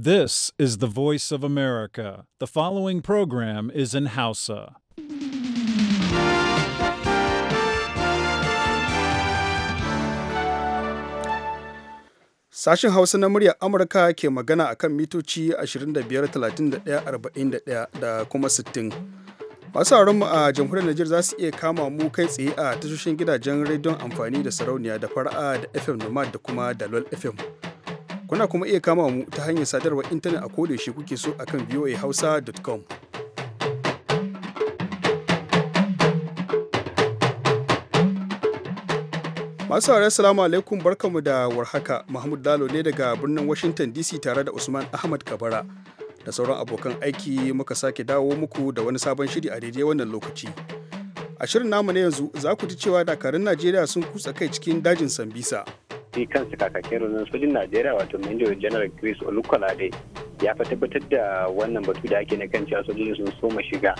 This is the voice of America. The following program is in Hausa. Sashen Hausa na muryar Amurka ke magana a kan mitoci 25,31,41 da kuma 60. Masu mu a jamhuriyar Najeriya za su iya kama mu kai tsaye a tashoshin gidajen rediyon amfani da sarauniya da fara'a da FM Nomad da kuma Dalol FM. Kuna kuma iya kama mu ta hanyar sadarwar intanet a kodayaushe kuke so a akan voahausa.com. Masu haure salamu alaikum barkamu da warhaka Mahmud Lalo ne daga birnin Washington DC tare da Usman Ahmad Kabara da sauran abokan aiki muka sake dawo muku da wani sabon shiri a daidai wannan lokaci. A shirin namu na yanzu za ku ji cewa dakarun Najeriya sun kutsa kai cikin dajin Sambisa. shi kansa kakakin rundunar sojin najeriya wato major general chris olukolade ya fa tabbatar da wannan batu da ake na kan cewa sojojin sun soma shiga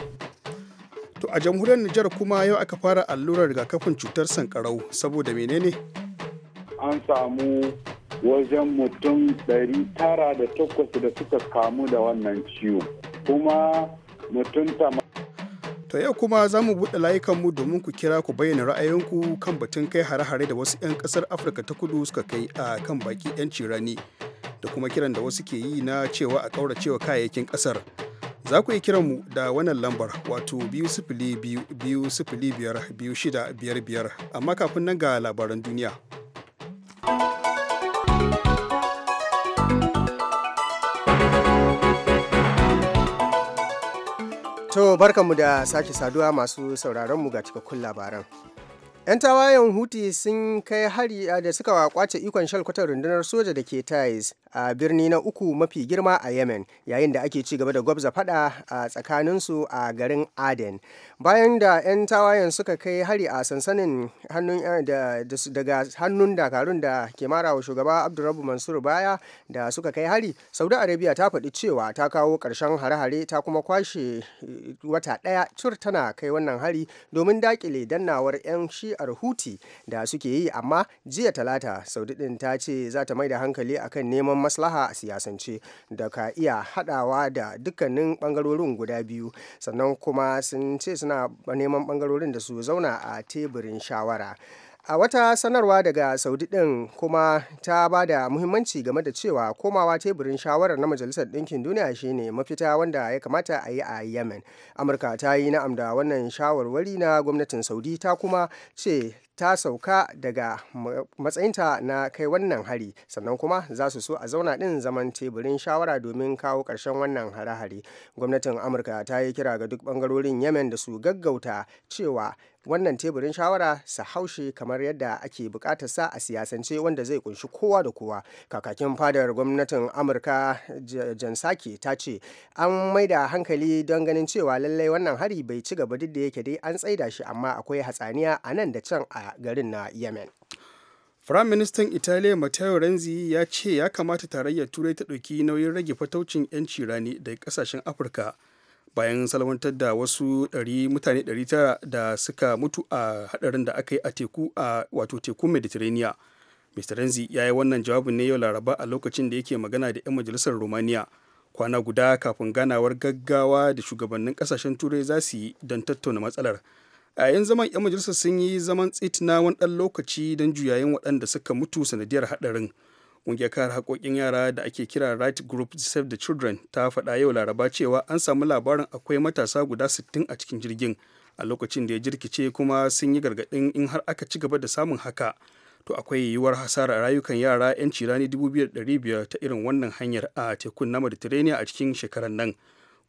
to a jamhuriyar nijar kuma yau aka fara allurar rigakafin cutar sankarau saboda menene an samu wajen mutum 908 da suka kamu da wannan ciwo kuma mutum To yau kuma za mu buɗe layukanmu domin ku kira ku bayyana ra'ayinku kan batun kai hare-hare da wasu 'yan ƙasar Afirka ta kudu suka kai a kan baki 'yanci rani da kuma kiran da wasu ke yi na cewa a ƙaura cewa kayayyakin ƙasar. Za ku yi kiranmu da wannan lambar wato biyu sifili biyu biyu sifili biyar biyu shida biyar biyar amma kafin nan ga labaran duniya. To barkanmu da sake saduwa masu sauraronmu ga cikakkun labaran. 'Yan tawayen Huti sun kai hari da suka kwace ikon shalkwatar rundunar soja da ke Tais a birni na uku mafi girma a yemen yayin da ake ci gaba da gwabza fada a tsakaninsu a garin aden bayan da 'yan tawayen suka kai hari a sansanin eh, daga hannun dakarun da ke mara wa shugaba abdurrabu mansur baya da suka kai hari saudi arabia ta faɗi cewa ta kawo ƙarshen hare-hare ta kuma kwashe eh, wata ɗaya cur tana kai wannan hari domin dakile dannawar 'yan shi'ar huti da suke yi amma jiya talata saudi ɗin ta ce za ta mai da hankali akan neman babban maslaha a siyasance da ka iya hadawa da dukkanin bangarorin guda biyu sannan kuma sun ce suna neman bangarorin da su zauna a teburin shawara. a wata sanarwa daga saudi din kuma ta ba da muhimmanci game da cewa komawa teburin shawarar na majalisar ɗinkin duniya shine mafita wanda ya kamata a yi a yemen amurka ta yi na'am da wannan shawarwari na gwamnatin saudi ta kuma ce ta sauka daga matsayinta na kai wannan hari sannan kuma za su so a zauna ɗin zaman teburin shawara domin kawo ƙarshen wannan hare-hare gwamnatin amurka ta yi kira ga duk ɓangarorin yemen da su gaggauta cewa wannan teburin shawara su haushe kamar yadda ake bukatar sa a siyasance wanda zai kunshi kowa da kowa kakakin fadar gwamnatin amurka jan ta ce an mai da hankali don ganin cewa lallai wannan hari bai ci gaba duk da yake dai an tsaida shi amma akwai hatsaniya a nan da can a garin na yemen ministan Italiya Matteo Renzi ya ce ya kamata tarayyar Turai ta ɗauki nauyin rage fataucin 'yanci rani daga ƙasashen Afirka bayan salwantar da wasu ɗari mutane tara da suka mutu a hadarin da aka yi a teku a wato tekun mediterranean mr renzi ya yi wannan jawabin ne yau laraba a lokacin da yake magana da 'yan majalisar romania kwana guda kafin ganawar gaggawa da shugabannin kasashen turai za su yi don tattauna matsalar a yayin zaman 'yan majalisar sun yi zaman tsit na wani ɗan lokaci don juyayin waɗanda suka mutu sanadiyar haɗarin Ƙungiyar kare haƙoƙin yara da ake kira Right Group Save the Children ta faɗa yau Laraba cewa an samu labarin akwai matasa guda 60 a cikin jirgin a lokacin da ya jirkice kuma sun yi gargaɗin in har aka ci gaba da samun haka to akwai yiwuwar hasara rayukan yara 'yanci rani 2,500 ta irin wannan hanyar a tekun na mediterania a cikin shekarar nan.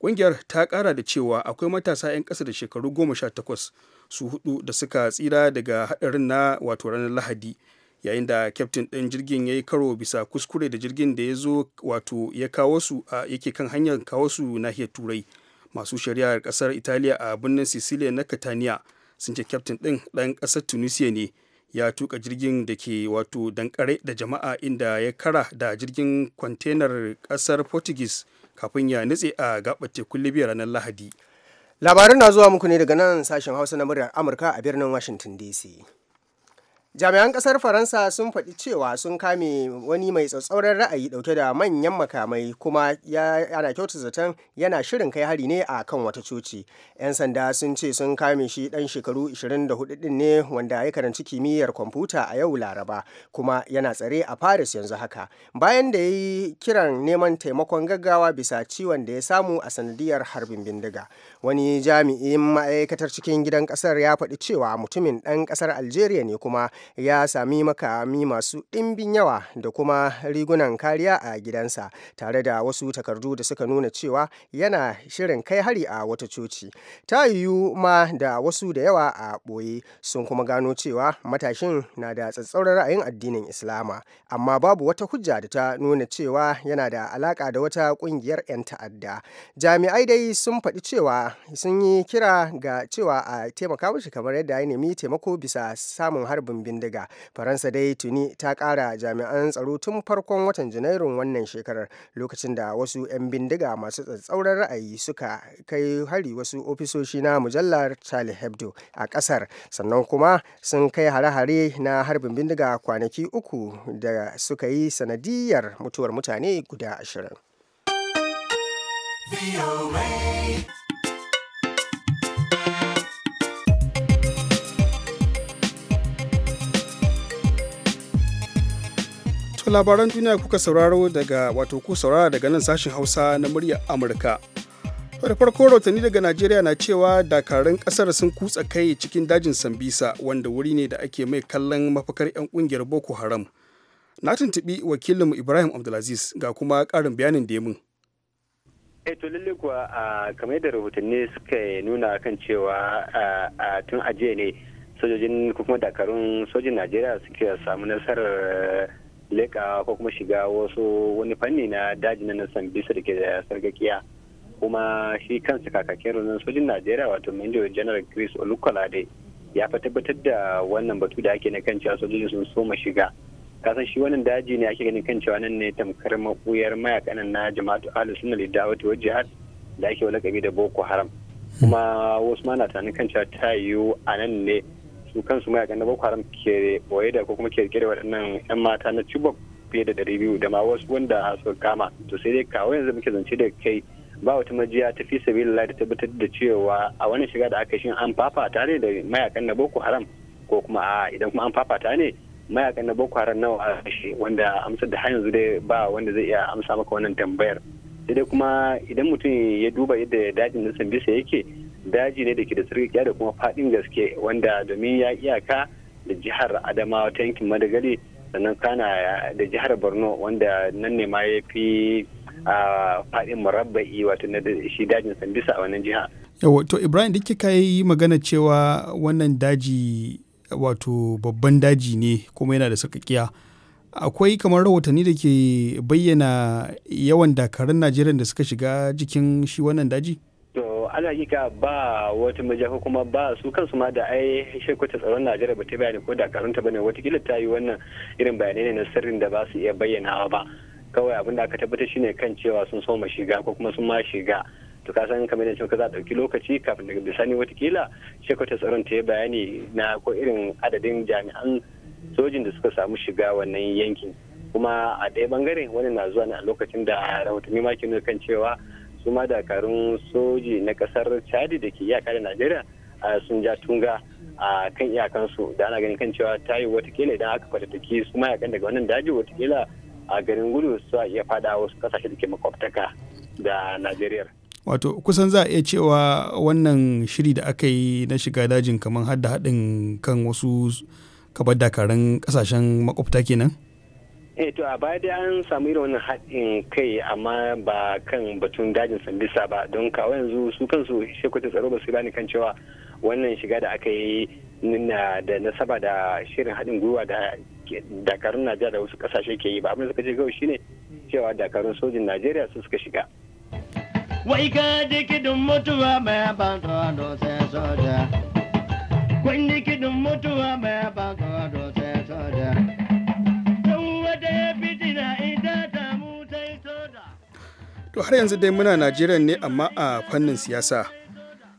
kungiyar ta kara da cewa akwai matasa 'yan ƙasa da shekaru 18 su hudu da suka tsira daga haɗarin na wato ranar Lahadi. yayin da kyaftin ɗin jirgin ya yi karo bisa kuskure da jirgin da ya zo wato ya kawo su a yake kan hanyar kawo su nahiyar turai masu shari'ar ƙasar italiya a birnin sicilia na catania sun ce kyaftin ɗin ɗan ƙasar tunisia ne ya tuka jirgin da ke wato dankare da jama'a inda ya kara da jirgin kwantenar ƙasar portuguese kafin ya nutse a gaɓar tekun libya ranar lahadi labarin na zuwa muku ne daga nan sashen hausa na muryar amurka a birnin washington dc jami'an kasar faransa sun faɗi cewa sun kame wani mai tsatsauran ra'ayi ɗauke da manyan makamai kuma ya ana kyautu zaton yana shirin kai hari ne a kan wata coci 'yan sanda sun ce sun kame shi ɗan shekaru 24 ɗin ne wanda ya karanci kimiyyar kwamfuta a yau laraba kuma yana tsare a paris yanzu haka bayan da ya yi kiran neman taimakon gaggawa bisa ciwon da ya samu a sanadiyar harbin bindiga wani jami'in ma'aikatar cikin gidan kasar ya faɗi cewa mutumin ɗan kasar algeria ne kuma ya sami makami masu ɗimbin yawa da kuma rigunan kariya a gidansa tare da wasu takardu da suka nuna cewa yana shirin kai hari a wata coci ta yiwu ma da wasu da yawa a ɓoye sun kuma gano cewa matashin na da tsatsauran ra'ayin addinin islama amma babu wata hujja da ta nuna cewa yana da alaka da wata ƙungiyar 'yan ta'adda jami'ai dai sun faɗi cewa sun yi kira ga cewa a taimaka mashi kamar yadda ya nemi taimako bisa samun harbin bindiga faransa dai tuni ta kara jami'an tsaro tun farkon watan janairun wannan shekarar lokacin da wasu 'yan bindiga masu tsatsauran ra'ayi suka kai hari wasu ofisoshi na mujallar charlie hebdo a kasar sannan kuma sun kai hare-hare na harbin bindiga kwanaki uku da suka yi sanadiyar mutuwar mutane guda ashirin. labaran duniya kuka sauraro daga wato ku saurara daga nan sashen Hausa na murya Amurka. da farko rautani daga Najeriya na cewa dakarun kasar sun kutsa kai cikin dajin Sambisa wanda wuri ne da ake mai kallon mafakar 'yan kungiyar Boko Haram. Na tuntubi wakilinmu Ibrahim Abdulaziz ga kuma karin bayanin da ya mun. Eh, to lalle kuwa kamar yadda rahotanni suka nuna kan cewa tun ajiye ne sojojin kuma dakarun sojin najeriya suke samu nasarar leka ko kuma shiga wasu wani fanni na daji na nasan bisa da ke da sargakiya kuma shi kansa kakakin rundunar sojin najeriya wato major general chris olukolade ya fa tabbatar da wannan batu da ake na kan cewa sojoji sun soma shiga kasan shi wannan daji ne ake ganin kan cewa nan ne tamkar makuyar mayakan na jama'atu ahlus sunna lidawati wa jihad da ake walakabi da boko haram kuma wasu ma na tunanin kan cewa ta yiwu a nan ne su kansu mayakan na boko haram ke boye da ko kuma ke kere waɗannan 'yan mata na chibok fiye da ɗari biyu da ma wasu wanda suka kama to sai dai kawo yanzu muke zance da kai ba wata majiya ta fi lai da tabbatar da cewa a wani shiga da aka shin an fafata ne da mayakan na boko haram ko kuma a idan kuma an fafata ne mayakan na boko haram nawa a shi wanda amsar da har yanzu dai ba wanda zai iya amsa maka wannan tambayar sai dai kuma idan mutum ya duba yadda dajin na sambisa yake daji ne da ke da sarkakiya da kuma faɗin gaske wanda domin ya iyaka da jihar adamawa ta yankin madagali sannan kana da jihar borno wanda nan ne ma ya fi faɗin murabba'i wato na shi dajin bisa a wannan jiha yawa to ibrahim duk kika yi magana cewa wannan daji wato babban daji ne kuma yana da sarkakiya akwai kamar rahotanni da ke bayyana yawan dakarun najeriya da suka shiga jikin shi wannan daji ala hakika ba wata majafa kuma ba su kansu ma da ai shekwata tsaron najeriya ba ta bayani ko da karanta bane watakila ta yi wannan irin bayanai ne na sirrin da ba su iya bayyanawa ba kawai abin da aka tabbatar shine kan cewa sun soma shiga ko kuma sun ma shiga to ka san kamar yadda za a ɗauki lokaci kafin daga bisani watakila shekwata tsaron ta yi bayani na ko irin adadin jami'an sojin da suka samu shiga wannan yankin kuma a ɗaya bangare wani na zuwa ne a lokacin da rahotanni ma ke nuna kan cewa su dakarun soji na kasar chadi da ke iyaka da najeriya sun ja tunga a kan iyakansu da ana ganin kan cewa ta yi watakila idan aka fatattaki su mayakan daga wannan daji watakila a garin gudu su a iya fada wasu kasashe da ke makwabtaka da najeriya wato kusan za a iya cewa wannan shiri da aka yi na shiga dajin kamar hada haɗin kan wasu kabar dakarun kasashen makwabta kenan eh to a baya dai an samu irin wannan haɗin kai amma ba kan batun dajin sambisa ba don kawo yanzu su kansu shekwata tsaro ba su gani kan cewa wannan shiga da aka yi da nasaba da shirin haɗin gwiwa da dakarun najeriya da wasu ƙasashe ke yi ba abin da suka ce kawai shine cewa dakarun sojin najeriya su suka shiga wai ka ji kidin mutuwa mai ban tsoro ya soja kun ji kidin mutuwa mai ban tsoro ya soja To har yanzu dai muna Najeriya ne amma a fannin siyasa.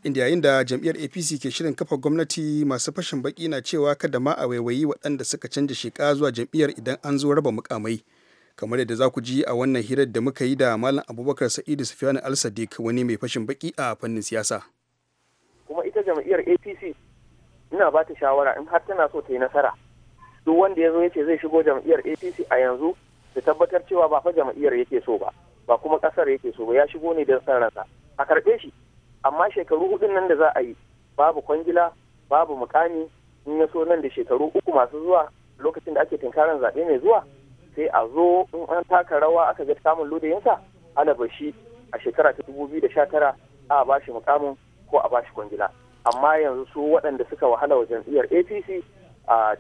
Inda yayin da jam'iyyar APC ke shirin kafa gwamnati masu fashin baki na cewa kada ma a waiwayi waɗanda suka canja sheka zuwa jam'iyyar idan an zo raba mukamai. Kamar yadda za ku ji a wannan hirar da muka yi da Malam Abubakar Sa'idu Sufiyanu Al-Sadiq wani mai fashin baki a fannin siyasa. Kuma ita jam'iyyar APC ina ba ta shawara in har tana so ta yi nasara. Duk wanda ya zo ya ce zai shigo jam'iyyar APC a yanzu da tabbatar cewa ba fa jam'iyyar yake so ba ba kuma kasar yake so ba ya shigo ne don san ransa a karɓe shi amma shekaru hudun nan da za a yi babu kwangila babu mukami in ya so nan da shekaru uku masu zuwa lokacin da ake tinkaran zaɓe mai zuwa sai a zo in an taka rawa aka ga samun ludayinsa ana bashi a shekara ta dubu biyu da sha tara a ba shi mukamin ko a ba shi kwangila amma yanzu su waɗanda suka wahala wa jam'iyyar apc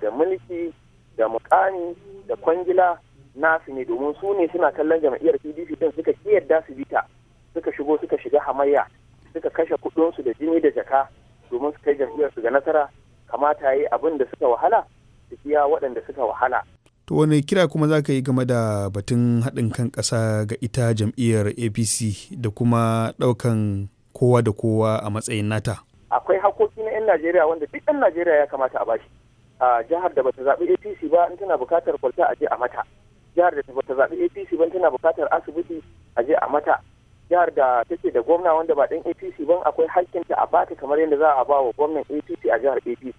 da mulki da mukami da kwangila nasu ne domin su ne suna kallon jam'iyyar pdp din suka ki yadda su bita suka shigo suka shiga hamayya suka kashe kudinsu da jini da jaka domin su kai jam'iyyar su ga nasara kamata yi abin da suka wahala su biya waɗanda suka wahala to wani kira kuma za ka yi game da batun haɗin kan ƙasa ga ita jam'iyyar apc da kuma ɗaukan kowa da kowa a matsayin nata akwai hakoki na 'yan najeriya wanda duk 'yan najeriya ya kamata a bashi a jihar da bata zaɓi apc ba in tana buƙatar kwalta a je a mata jihar da ta zaɓi apc ban tana buƙatar asibiti a je a mata jihar da take da gwamna wanda ba ɗan apc ban akwai hakkinta a bata kamar yadda za a ba wa gwamnan apc a jihar apc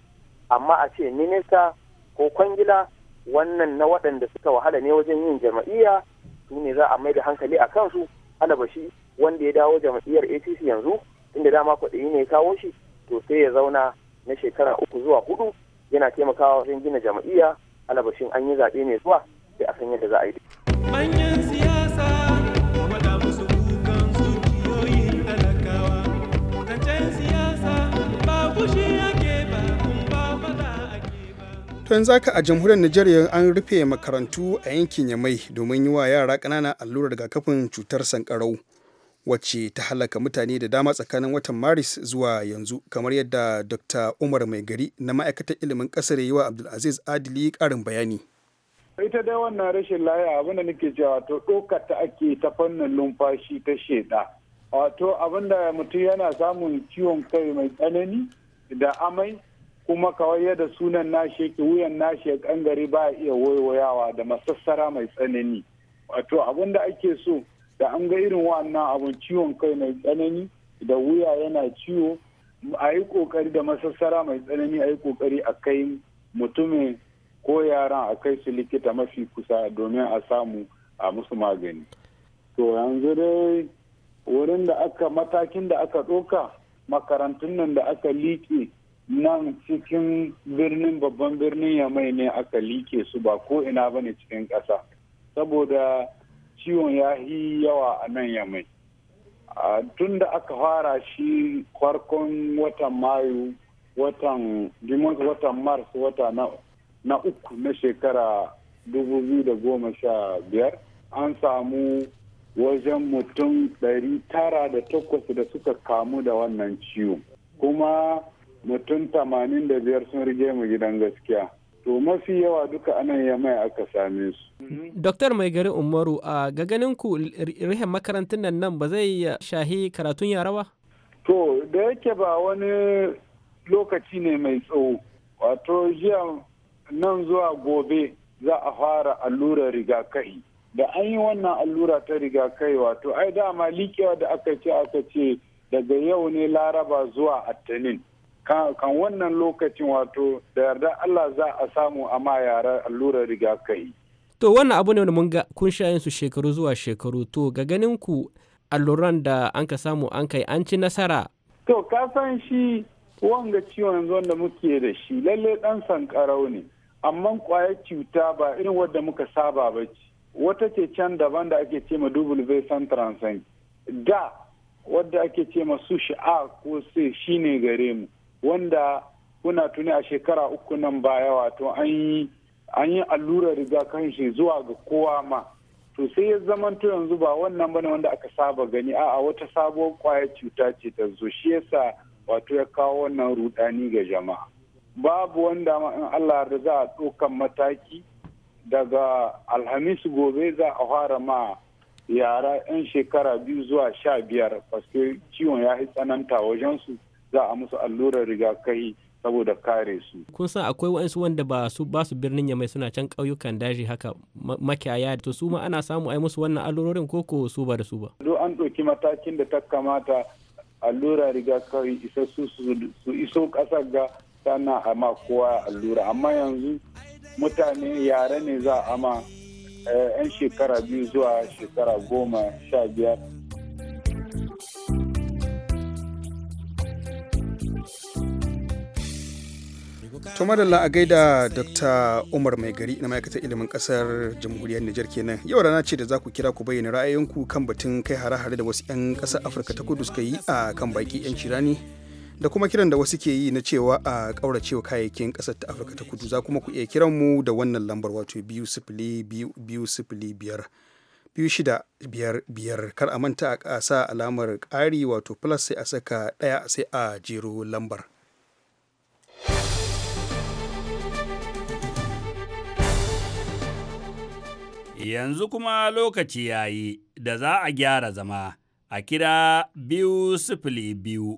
amma a ce minista ko kwangila wannan na waɗanda suka wahala ne wajen yin jama'iyya su ne za a mai da hankali a kansu alabashi wanda ya dawo jama'iyyar apc yanzu inda dama kwaɗayi ne ya kawo shi to sai ya zauna na shekara uku zuwa hudu yana taimakawa wajen gina jama'iyya alabashin an yi zaɓe ne zuwa sai a san yadda za a yi. Manyan siyasa wadda musu kukan zuciyoyin talakawa, zancen siyasa ba fushi ake ba kun ba fada ake ba. To yanzu haka a jamhuriyar nijeriya an rufe makarantu a yankin Yamai domin yi wa yara ƙanana allurar rigakafin cutar sankarau. wacce ta halaka mutane da dama tsakanin watan maris zuwa yanzu kamar yadda dr umar mai gari na ma'aikatar ilimin kasar yi wa abdulaziz adili karin bayani ita dai wannan rashin laya abin da nake cewa to ta ake ta fannin numfashi ta sheda wato abin da mutum yana samun ciwon kai mai tsanani da amai kuma kawai yadda sunan nashi yake wuyan nashi ya kangare ba iya wayawa da masassara mai tsanani wato abin da ake so da an ga irin wannan abun ciwon kai mai tsanani da wuya yana ciwo a yi kokari da masassara mai tsanani a yi kokari a kai mutumin ko yaran a kai su likita mafi kusa domin a samu a musu magani to yanzu dai wurin da aka matakin da aka ɗoka makarantun nan da aka liƙe nan cikin birnin babban birnin yamai ne aka liƙe su ba ko ina ba ne cikin ƙasa saboda ciwon ya yi yawa a nan yamai tun da aka fara shi farkon watan mayu watan watan mars wata na na uku na shekara goma sha biyar an samu wajen mutum tara da da suka kamu da wannan ciwo kuma mutum tamanin da biyar sun rige mu gidan gaskiya to mafi yawa duka anan ya mai aka same su. Doktor mai gari Umaru a ganin ku rihen makarantun nan nan ba zai shahi karatun yara ba? To da yake ba wani lokaci ne mai tsawo. Wato jiya nan zuwa gobe za a fara allurar rigakai da an yi wannan allura ta rigakai wato ai dama likewa da aka ce aka ce daga yau ne laraba zuwa attanin kan wannan lokacin wato da yarda Allah za a samu a ma yara allurar rigakai. To wannan abu ne wanda mun ga kun sha yin su shekaru zuwa shekaru to ga ganin ku alluran da an ka samu an kai an ci nasara. To ka san shi wanga ciwon yanzu da muke da shi lalle dan sankarau ne. amma kwayar cuta ba irin wadda muka saba ba ce wata ce can daban da ake ce ma w santransan da wadda ake ce ma su sha'a ko sai shi ne gare mu wanda kuna tuni a shekara uku nan baya wato an yi an yi allurar rigakafin shi zuwa ga kowa ma to sai ya to yanzu ba wannan bane wanda aka saba gani a'a wata sabuwar kwayar cuta ce ta zo shi yasa wato ya kawo wannan rudani ga jama'a babu wanda in Allah da za a ɗaukan mataki daga alhamis gobe za a fara ma yara 'yan shekara biyu zuwa sha biyar paske ciwon ya yi tsananta wajensu za a musu allurar rigakafi saboda kare su. Kun san akwai waɗansu wanda ba su ba su birnin yamai suna can ƙauyukan daji haka makiyaya to su ma ana samu ai musu wannan allurorin ko su ba da su ba. Duk an ɗauki matakin da ta kamata allura rigakafi isassu su iso ƙasar ga sannan a ma kowa allura amma yanzu mutane yare ne za a ma eh, 'yan shekara biyu zuwa shekara goma sha biyar to madalla a gaida dr umar mai gari na ma'aikatar ilimin kasar jamhuriyar nijar kenan yau rana ce da za ku kira ku bayyana ra'ayinku kan batun kai hare-hare da wasu 'yan kasar afirka ta kudu suka yi a kan baki 'yan shirani da kuma kiran da wasu ke yi na cewa a ƙauracewa kayayyakin ƙasar ta afirka ta kudu za kuma ku iya kiran mu da wannan lambar wato biyu sifili biyu sifili biyar biyu shida biyar biyar kar a manta a sa alamar ƙari wato plus sai a saka ɗaya sai a jero lambar yanzu kuma lokaci yayi da za a gyara zama a kira biyu sifili biyu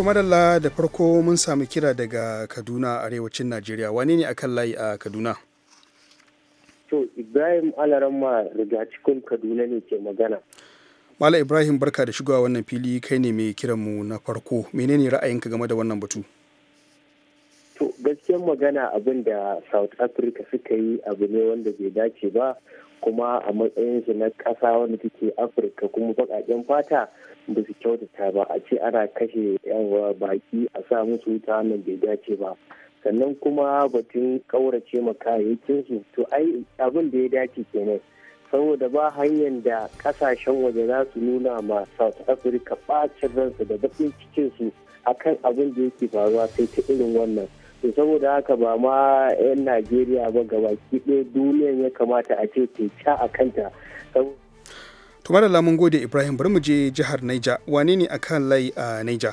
kuma da farko mun sami kira daga kaduna arewacin najeriya wane ne akan layi a kaduna to ibrahim alaramma daga cikin kaduna ne ke magana mala ibrahim barka da shigowa wannan fili kai ne mai kiranmu na farko menene ra'ayinka game da wannan batu to gaskiyar magana abin da south africa suka yi abu ne wanda bai dace ba kuma a matsayin su na ƙasa wanda take afirka kuma baƙaƙen fata ba su kyautata ba a ce ana kashe yan baki a sa musu wuta wannan bai dace ba sannan kuma batun ƙaurace ma kayayyakinsu to ai abin da ya dace kenan saboda ba hanyar da kasashen waje za su nuna ma south africa bacin ransu da bakin cikinsu akan abin da yake faruwa sai ta irin wannan saboda haka ba ma 'yan najeriya ba gaba ɗaya duniyan ya kamata a ce ke ca a kanta to da lamun gode ibrahim bari mu je jihar naija wane ne akan layi a naija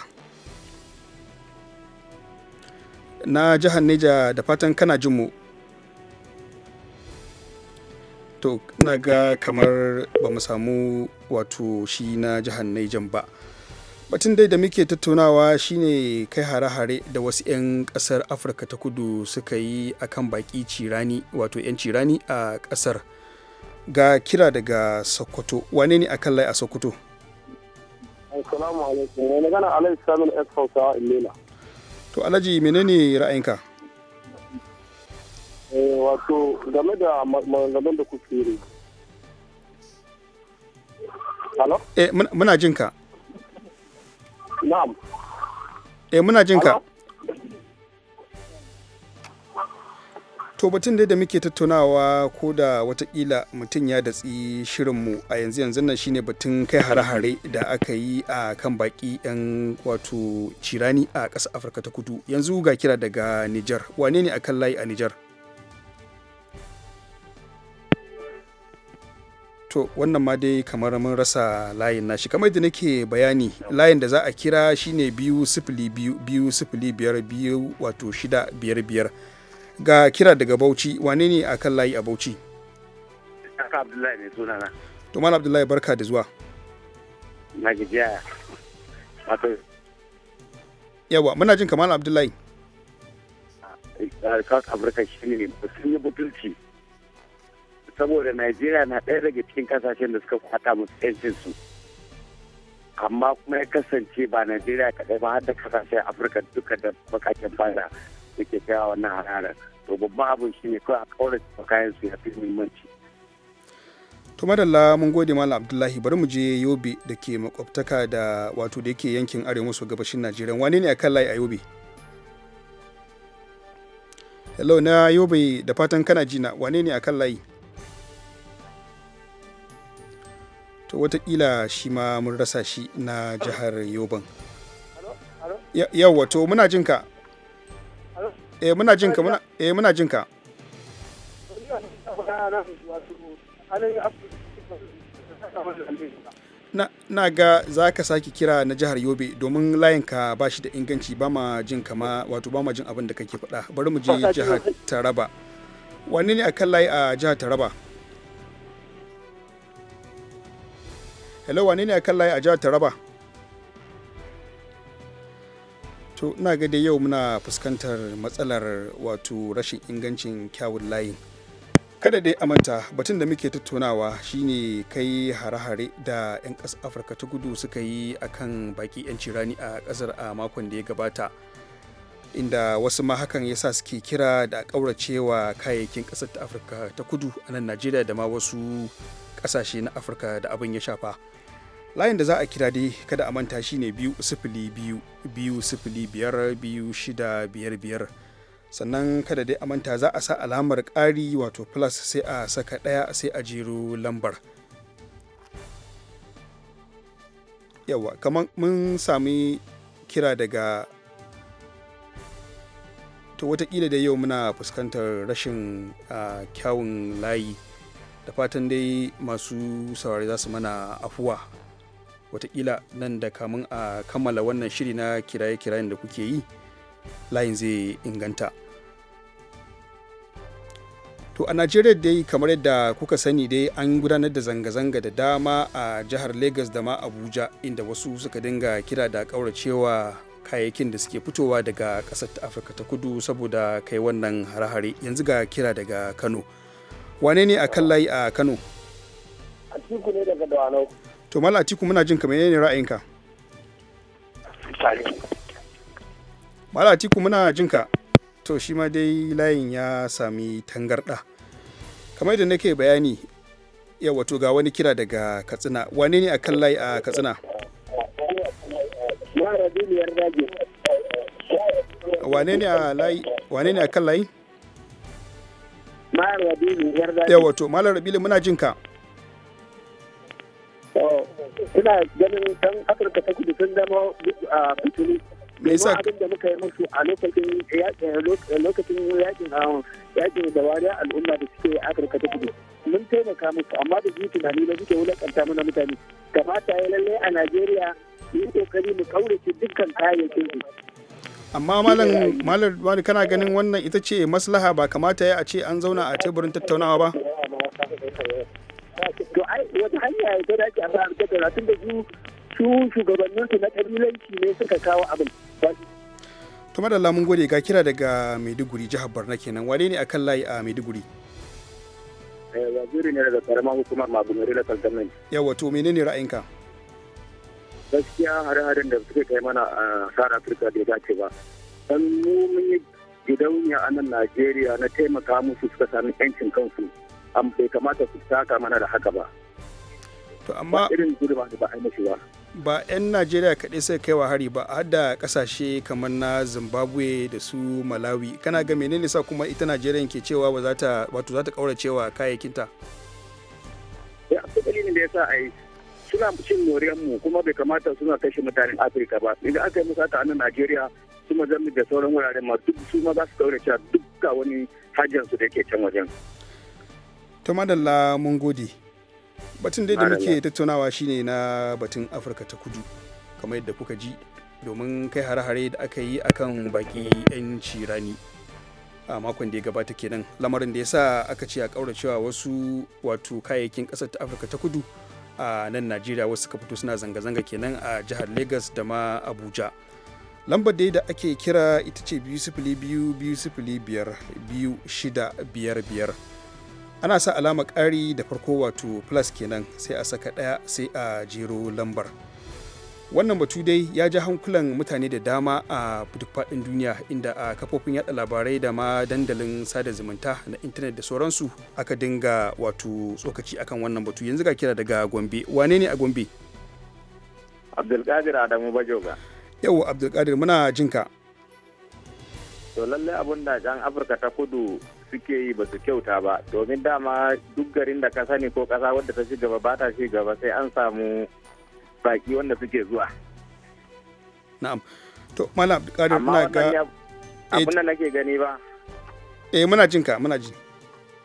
na jihar naija da fatan kana jin mu to na ga kamar ba mu samu wato shi na jihar naijan ba batun dai da muke tattaunawa shine kai hare-hare da wasu 'yan kasar afirka ta kudu suka yi a kan baki cirani wato 'yan cirani a kasar ga kira daga sokoto wane ne akan lai a sokoto samun to alhaji menene ra'ayinka eh, wato game da maganganun da kuke yi eh, muna jinka Na'am. Eh muna jin ka. To batun dai da muke tattaunawa ko da watakila mutum ya datsi shirinmu a yanzu yanzu nan shine batun kai hare-hare da aka yi a kan baki 'yan wato cirani a ƙasar Afirka ta kudu. Yanzu ga kira daga Nijar. Wane ne akan layi a Nijar? to wannan ma dai kamar mun rasa layin nashi kamar da nake bayani layin da za a kira shine biyu sifili biyu biyu sifili biyar biyu wato shida biyar biyar ga kira daga bauchi wane ne a kan layi a bauchi abdullahi ne sunana to mal abdullahi barka da zuwa yawa muna jin kamar abdullahi ah, eh, saboda najeriya na ɗaya daga cikin kasashen da suka kwata musu su amma kuma ya kasance ba najeriya kaɗai ba har da kasashen afirka duka da bakakin da suke kaiwa wannan hararar to babban abin shi ne kawai a da kayan su ya fi muhimmanci to madalla mun gode malam abdullahi bari mu je yobe da ke makwabtaka da wato da yake yankin arewa maso gabashin najeriya wani ne akan layi a yobe hello na yobe da fatan kana jina wane ne akan layi to watakila shi ma mun rasa shi na jihar yoban yawwa to muna jinka e eh, muna jinka muna e muna jinka na, na ga za ka sake kira na jihar yobe domin layinka ba shi da inganci ba ma jin kama wato ba ma jin abin da kake faɗa bari mu je jihar taraba wani ne a kan layi a jihar taraba hello wane ne akan layi a jihar taraba to ina ga dai yau muna fuskantar matsalar wato rashin ingancin kyawun layi kada dai amanta batun da muke tattaunawa shine kai hare-hare da 'yan ƙasar afirka ta gudu suka yi akan baki 'yanci rani a ƙasar a makon da ya gabata inda wasu ma hakan ya sa suke kira da ƙauracewa kayayyakin ƙasar ta afirka ta kudu a nan najeriya da ma wasu ƙasashe na afirka da abin ya shafa layin da za a kira dai kada a manta shine biyu sifili biyu biyu sifili biyar biyu shida biyar biyar sannan kada dai a manta za a sa alamar ƙari wato plus sai a saka ɗaya sai a jero lambar yawa kamar mun sami kira daga ta watakila da yau muna fuskantar rashin kyawun layi da fatan dai masu saurari za su mana afuwa watakila nan da kamun a kammala wannan shiri na kiraye-kirayen da kuke yi layin zai inganta to a najeriya dai kamar yadda kuka sani dai an gudanar da zanga-zanga da dama a jihar lagos da ma abuja inda wasu suka dinga kira da kauracewa kayayyakin da suke fitowa daga ƙasar ta afirka ta kudu saboda kai wannan hare-hare yanzu ga kira daga kano wane ne a kan layi a kano to mala atiku muna jin kamar yanayin ra'ayinka mala atiku muna jin ka to shi ma dai layin ya sami tangarda kamar da nake bayani ya wato ga wani kira daga katsina wane ne akan layi a katsina wane ne a layi wane ne akan layi Malam Rabilu Yarda. Yawa to Malam Rabilu muna jin ka. suna ganin kan afirka ta kudu sun zama a fitini me yasa abin da muka yi musu a lokacin lokacin yakin yakin da wariya al'umma da suke afirka ta kudu mun taimaka musu amma da su tunani na suke wulakanta mana mutane kamata ya lalle a najeriya yi kokari mu kaurace dukkan kayayyakin su amma malam malam kana ganin wannan ita ce maslaha ba kamata ya a ce an zauna a teburin tattaunawa ba wata hanya ya ta dace a da ta tun da su su su na kabilanci ne suka kawo abin. To madalla mun gode ga kira daga Maiduguri jihar Borno kenan wane ne akan layi a Maiduguri? Eh, waziri ne daga karamar hukumar Magumari na Kaltamin. Yawa to menene ra'ayinka? Gaskiya hare-haren da suke kai mana a Sahara Afirka bai dace ba. Dan mu mun yi gidauniya a nan Najeriya na taimaka musu suka sami 'yancin kansu. bai kamata su taka mana da haka ba to amma irin da ba a mashi ba ba 'yan najeriya kaɗai sai kaiwa hari ba har da ƙasashe kamar na zimbabwe da su malawi kana ga menene sa kuma ita najeriya ke cewa ba za ta wato za ta ƙaura cewa kayayyakinta ya fi dalilin da ya sa a yi suna cin moriyar mu kuma bai kamata suna kashe mutanen afirka ba idan aka yi musu haka a najeriya su mazambi da sauran wuraren ma duk su ma za su ƙaura cewa dukka wani hajjansu da ke can wajen ta madalla mun gode batun dai da muke tattaunawa shine na batun afirka ta kudu kamar yadda kuka ji domin kai hare-hare da aka yi akan baki 'yanci rani a makon da ya gabata kenan lamarin da ya sa aka ce a kauracewa wasu wato kayayyakin kasar ta afirka ta kudu a nan najeriya wasu ka fito suna zanga-zanga kenan a jihar lagos da ma abuja lambar da da ake kira ita ce biyu sifili biyu biyu sifili biyar biyu shida biyar biyar ana sa alama ƙari da farko wato plus kenan sai a saka ɗaya sai a jero lambar wannan batu dai ya ji hankulan mutane da dama a duk faɗin duniya inda a kafofin yada labarai da ma dandalin sada zumunta na intanet da sauransu aka dinga wato tsokaci akan wannan batu yanzu ga kira daga gombe wane ne a gombe abdulkadir adamu bajoga yau abdulkadir muna jinka to lallai abun da jan afirka ta kudu suke yi ba su kyauta ba domin dama duk garin da ka sani ko kasa wadda ta ci gaba ba ta ci gaba sai an samu baki wanda suke zuwa na'am to malam abdulkadir muna ga eh, abin da nake gani ba eh muna jin ka muna ji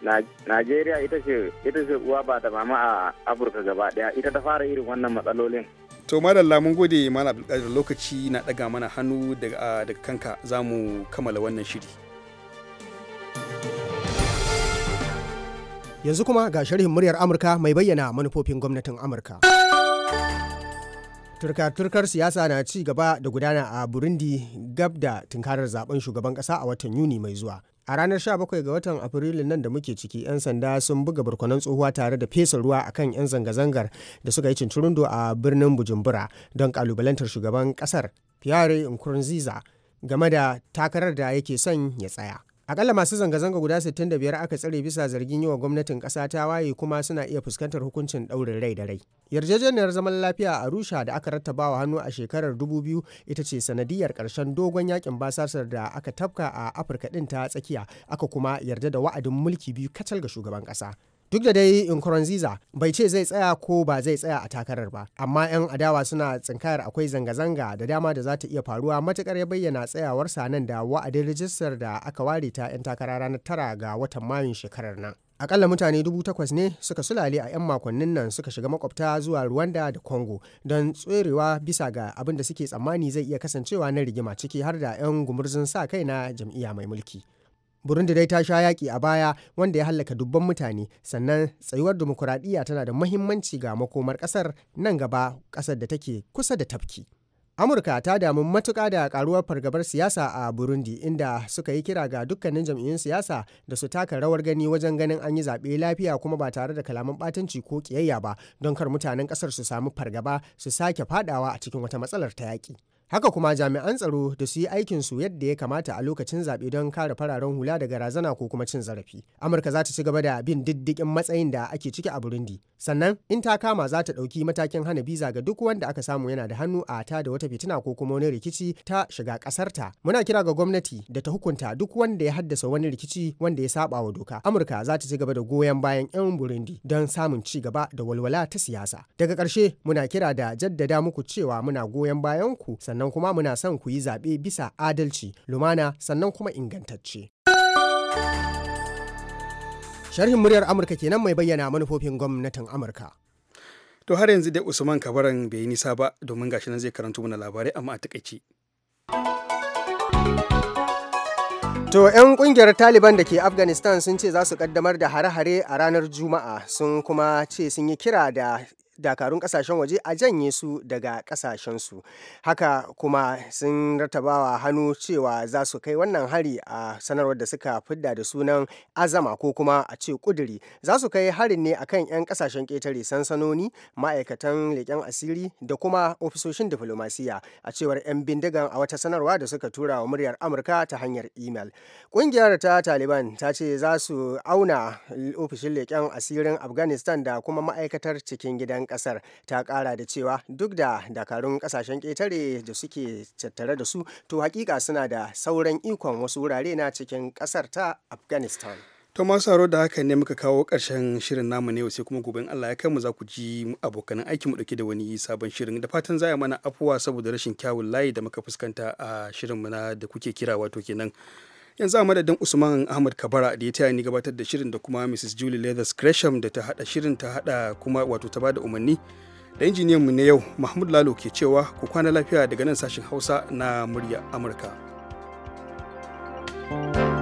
Najeriya ita ce ita ce uwa ba da mama a Afirka gaba daya ita ta fara irin wannan matsalolin to madalla mun gode malam da lokaci na daga mana hannu daga kanka za mu kammala wannan shiri Yanzu kuma ga sharhin muryar Amurka mai bayyana manufofin gwamnatin Amurka. turka-turkar siyasa na ci gaba da gudana a burundi gab da tunkarar zaben shugaban kasa a watan yuni mai zuwa a ranar 17 ga watan afrilu nan da muke ciki 'yan sanda sun buga barkwanon tsohuwa tare da fesa ruwa akan 'yan zanga-zangar da suka yi cincirundo a birnin bujumbura don kalubalantar shugaban kasar pierre nkurunziza game da takarar da yake son ya tsaya akalla masu zanga-zanga guda 65 aka tsare bisa zargin yi wa gwamnatin ƙasa ta waye kuma suna iya fuskantar hukuncin ɗaurin rai da rai yarjejeniyar zaman lafiya a rusha da aka rattaba wa hannu a shekarar 2000 ita ce sanadiyar ƙarshen dogon yakin basasar da aka tafka a afirka ɗin ta tsakiya aka kuma yarda da wa'adin mulki biyu kacal ga shugaban ƙasa duk da dai nkurunziza bai ce zai tsaya ko ba zai tsaya a takarar ba amma 'yan adawa suna tsinkayar akwai zanga-zanga da dama da za ta iya faruwa matukar ya bayyana tsayawarsa nan da wa'adin rijistar da aka ware ta 'yan takara ranar tara ga watan mayun shekarar nan akalla mutane dubu takwas ne suka sulale a 'yan makonnin nan suka shiga makwabta zuwa rwanda da congo don tserewa bisa ga abin da suke tsammani zai iya kasancewa na rigima ciki har da 'yan gumurzun sa kai na jam'iyya mai mulki Burundi dai ta sha yaƙi a baya wanda ya hallaka dubban mutane sannan tsayuwar dimokuraɗiyya tana da muhimmanci ga makomar ƙasar nan gaba ƙasar da take kusa da tafki. Amurka ta damu matuƙa da ƙaruwar fargabar siyasa a Burundi inda suka yi kira ga dukkanin jam'iyyun siyasa da su taka rawar gani wajen ganin an yi zaɓe lafiya kuma ba tare da kalaman ɓatanci ko ƙiyayya ba don kar mutanen ƙasar su samu fargaba su sake fadawa a cikin wata matsalar ta yaƙi. haka kuma jami'an tsaro da su yi aikin su yadda ya kamata a lokacin zaɓe don kare fararen hula daga razana ko kuma cin zarafi amurka za ta ci gaba da bin diddigin matsayin da ake ciki a burundi sannan in ta kama za ta ɗauki matakin hana biza ga duk wanda aka samu yana da hannu a ta da wata fitina ko kuma wani rikici ta shiga ƙasarta muna kira ga gwamnati da ta hukunta duk wanda ya haddasa wani rikici wanda ya saba wa doka amurka za ta ci gaba da goyon bayan 'yan burundi don samun ci gaba da walwala ta siyasa daga ƙarshe muna kira da jaddada muku cewa muna goyon bayan ku sannan kuma muna son ku yi zaɓe bisa adalci lumana sannan kuma ingantacce. Sharhin muryar Amurka kenan mai bayyana manufofin gwamnatin Amurka. To har yanzu dai Usman Kabaran bai yi nisa ba domin gashi nan zai karanto mana labarai amma a takaici. To 'yan kungiyar Taliban da ke Afghanistan sun ce za su kaddamar da hare-hare a ranar Juma'a sun kuma ce sun yi kira da dakarun kasashen waje a janye su daga kasashensu haka kuma sun rattabawa hannu cewa za su kai wannan hari a sanarwar da suka fidda da sunan azama ko kuma a ce kuduri za su kai harin ne akan 'yan kasashen ƙetare sansanoni ma'aikatan leƙen asiri da kuma ofisoshin diflomasiya a cewar 'yan bindigan a wata sanarwa da suka tura wa muryar amurka ta hanyar imel ƙungiyar ta taliban ta ce za su auna ofishin leƙen asirin afghanistan da kuma ma'aikatar cikin gidan kasar ta kara da cewa duk da dakarun kasashen ketare da suke tattare da su to hakika suna da sauran ikon wasu wurare na cikin kasar ta afghanistan to masu haro da haka ne muka kawo ƙarshen shirin namu ne sai kuma gobe Allah ya kai mu za ku ji abokan aiki mu dauke da wani sabon shirin da fatan za a mana afuwa saboda rashin kyawun layi da muka fuskanta a shirin mu na da kuke kira wato kenan yanzu a madadin usman ahmad kabara da ya taya ni gabatar da shirin da kuma mrs julie leathers gresham da ta hada shirin ta hada kuma wato ta bada umarni da injiniyan mu na yau mahmud lalo ke cewa ku kwana lafiya daga nan sashen hausa na murya amurka thank you